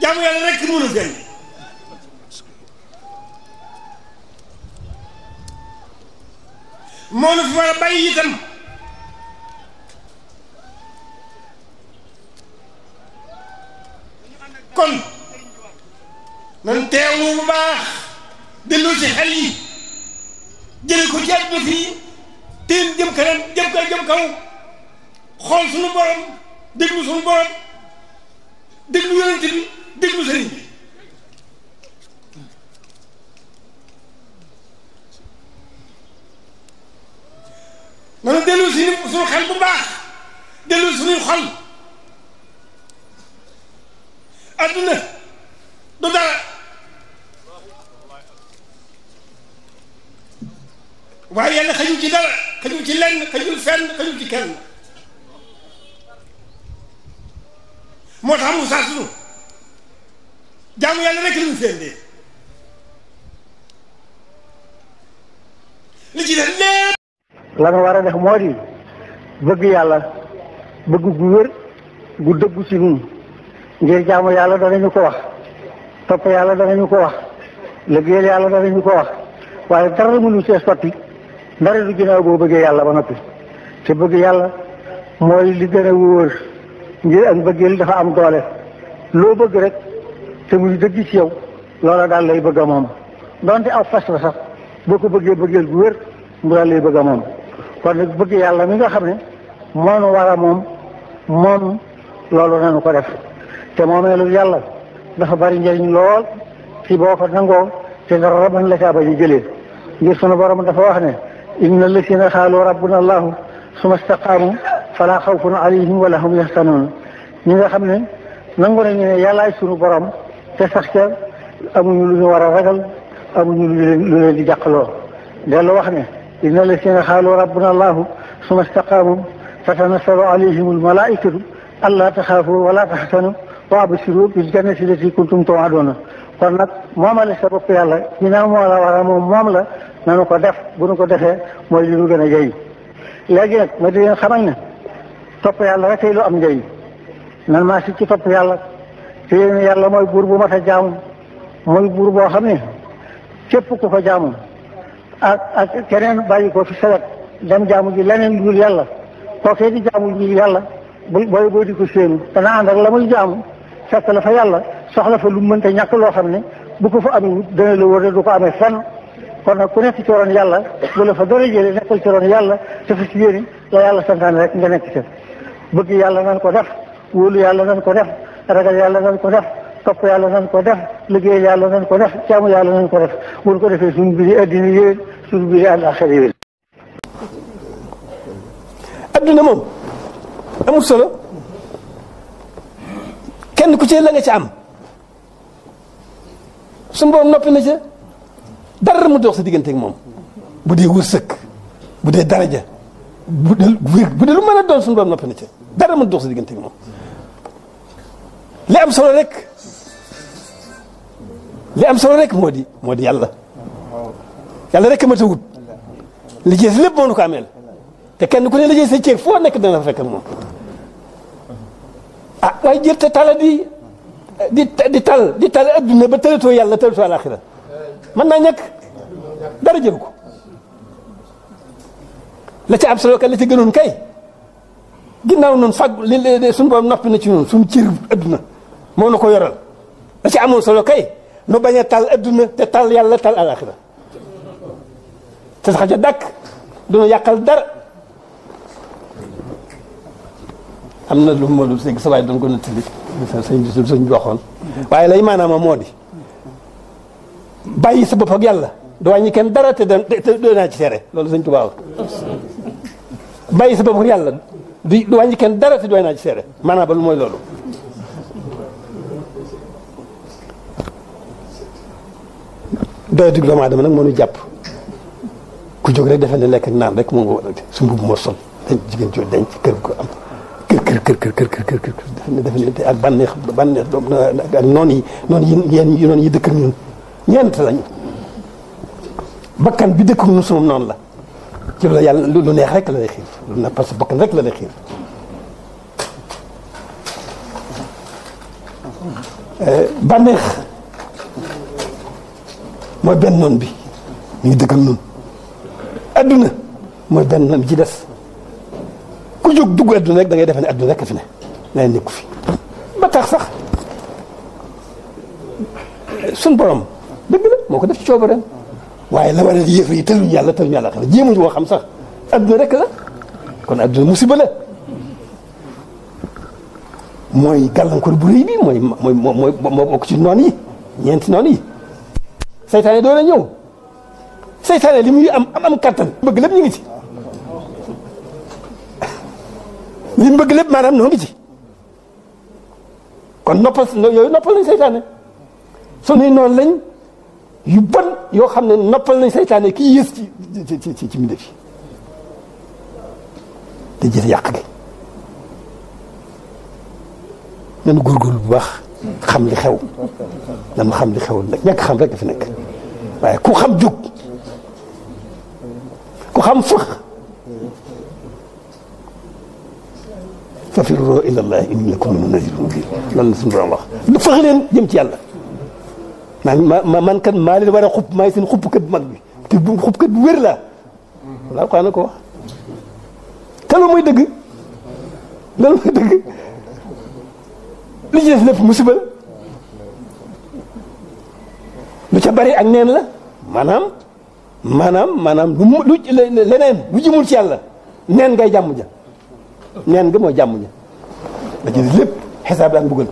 jaamu yàlla rek mënu feeñ moo nu fi war a bàyyi itam kon nan teewlu bu baax dellu ci xel yi ko ci àdduna fii teen jëm kanam jëm kaw kaw xool sunu borom déglu sunu borom déglu yonent bi حي أدنى بدا وهي أنا خجل جدا خجل جلن خجل فن خجل جكن موت هم مساسلو جامو يالي ركل مفين دي لجي لا نوارا نخ مودي بغي يالله bëgg gu wër gu dëggu ci ñun ngir jaamu yàlla danañu ko wax topp yàlla danañu ko wax liggéeyal yàlla ñu ko wax waaye dara mënu see sotti ndara du jinaaw boo bëggee yàlla ba noppi te bëgg yàlla mooy li gën a wóor ngir ak bëggeel dafa am doole loo bëgg rek te muy dëgg ci yow loola daal lay bëgg a moom donte aw fas la sax boo ko bëggee bëggeel gu wér mu daal lay bëgg moom kon bëgg yàlla mi nga xam ne moo nu war moom moom loolu nañu ko def te moomeelu yàlla dafa bari njëriñ lool ci boo nangoo te dara bañ la caa ba ñu jëlee ngir sunu borom dafa wax ne inna lasina xaalu rabbuna allahu suma staqaamu falaa xawfun alayhim wala hum yaxtanuun ñi nga xam ne nangu nañu ne yàllaay sunu borom te sax ca amuñu lu ñu war a ragal amuñu ñu lu leen di jàqloo dellu wax ne inna lasina xaalu rabbuna allahu suma staqaamu تتنصب عليهم الملائكة ألا تخافوا ولا تحسنوا وابشروا بالجنة التي كنتم توعدون كنا مواملة سبب يالا هنا مواملة ورامو مواملة نانو قدف بنو قدف مواليو جنة جاي لكن مدرين خمينة توب يالا رتيلو أم جاي نان ما سيكي توب يالا تيرين يالا موي بوربو ما تجاون موي بوربو خمي كيفو كو فجامو أكيرين بايكو في سبب دم جامو جي لنين بول يالا kookee di jaamu ji yàlla booy booy boo di ko séenu dana ànd ak la muy jaamu fekk la fa yàlla soxla fa lu mu mënta ñàkk loo xam ne bu ko fa amee dana la wër ne du ko amee fenn kon nag ku nekk ci roon yàlla bu la fa dara jëlee nekkal ci roon yàlla te fa ci yéene la yàlla santaane rek nga nekk ci bëgg yàlla nan ko def wóolu yàlla nan ko def ragal yàlla nan ko def topp yàlla nan ko def liggéey yàlla nan ko def jaamu yàlla nan ko def bu ko defee suñu mbiri addina yéen suñu mbiri àllaaxira yéen adduna moom amul solo kenn ku ci la nga ci am suñu boobu noppi na ca dara mu dox sa diggante ak moom bu dee wërsëg bu dee daraja bu dee bu dee lu mën a doon suñu boobu noppi na ca dara mu dox sa diggante ak moom li am solo rek li am solo rek moo di moo di yàlla yàlla rek ma tawut li ci lépp moo nu ko ameel te kenn ku ne la jël sa cër foo nekk dana fa fekk moom ah waaye jël te tala di di di tal di tal adduna ba tëlatoo yàlla tëlatoo alaxira mën naa ñàkk dara jël ko la ca am solo ka la ca gënoon kay ginnaaw noon fag li suñu borom noppi na ci noonu suñu cër adduna moo na ko yoral la ca amoon solo kay nu bañ a tal adduna te tal yàlla tal alaxira te sax ca du nu yàqal dara. am na lu ma lu si sa waay doon ko nettali sëñ bi sëñ bi waaye lay maanaam moo di bàyyi sa bopp ak yàlla du wàññi kenn dara te doon naa loolu sëñ Tuubaa bàyyi sa bopp di du wàññi kenn dara te naa ci seere maanaam ba lu mooy loolu doy dig doomu aadama nag moo ñu jàpp ku jóg defe ne lekk naan rek moo nga war a su mbubb moo sol dañ jigéen joo denc kër ko am kër kër kër kër kër kër defante ak bànneex bànneex ak ñeent lañu bi dëkk ñun sunu noonu la parce que bakkan rek la lay xiir eh, bànneex mooy benn noon bi ñuy dëkk ak ñun benn noon bi ci ku jóg dugg adduna rek da ngay defe ne adduna rek fi ne ngay nekku fi ba tax sax sun borom dëgg la moo ko def ci coobareem waaye la war a yëf yi tëluñu yàlla tëluñu yàlla xam jéemuñu woo xam sax adduna rek la kon adduna musiba la mooy gàllankoor bu rëy bi mooy mooy mooy moo bokk ci noon yi ñeenti noon yi saytaane doo na ñëw saytaane li muy am am am kattan bëgg lépp ñu ngi ci li mu bëgg lépp maanaam noo ngi ci kon noppal yooyu noppal nañ seytaane sunuy noonu lañ yu bon yoo xam ne noppal nañ seytaane ki yées ci ci ci ci mbindéef yi te jël yàq gi nañu góorgóorlu bu baax xam li xew nañu xam li xew nag ñàkk xam rek dafa nekk waaye ku xam jóg ku xam fëx fafirroo ilallah inni lakum minhu loolu la suñu borom wax lu fexe leen jëm ci yàlla man man kan maa leen war a xupp maay seen xuppkat bu mag bi te bu xuppkat bu wér laa laa xanaa ko wax dëgg loolu mooy dëgg musiba la lu ca bari ak neen la maanaam maanaam maanaam lu mu lu leneen lu jëmul ci yàlla nen ngay jàmm ja neen nga mooy jàmm ña da ci lépp xisaab daan bëggal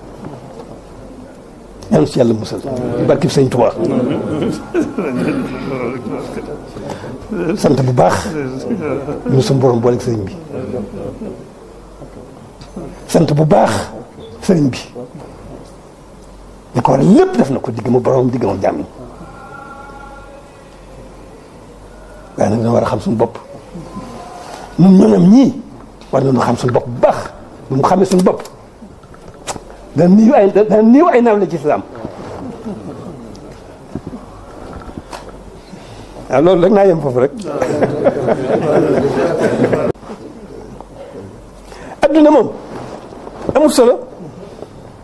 ñaan si yàlla musal ci barkib sëñ Tuubaa sant bu baax ñu suñu borom booleeg sëriñ bi sant bu baax sëriñ bi ñu ko war lépp def na ko digg mu borom digg mu jàmm waaye nag dina war a xam suñu bopp ñun ñoom ñii وانا نخمس البق بخ مخمس البق دني وعين دني وعين من الاسلام انا لك نايم ففرك الدنيا مهم المسلم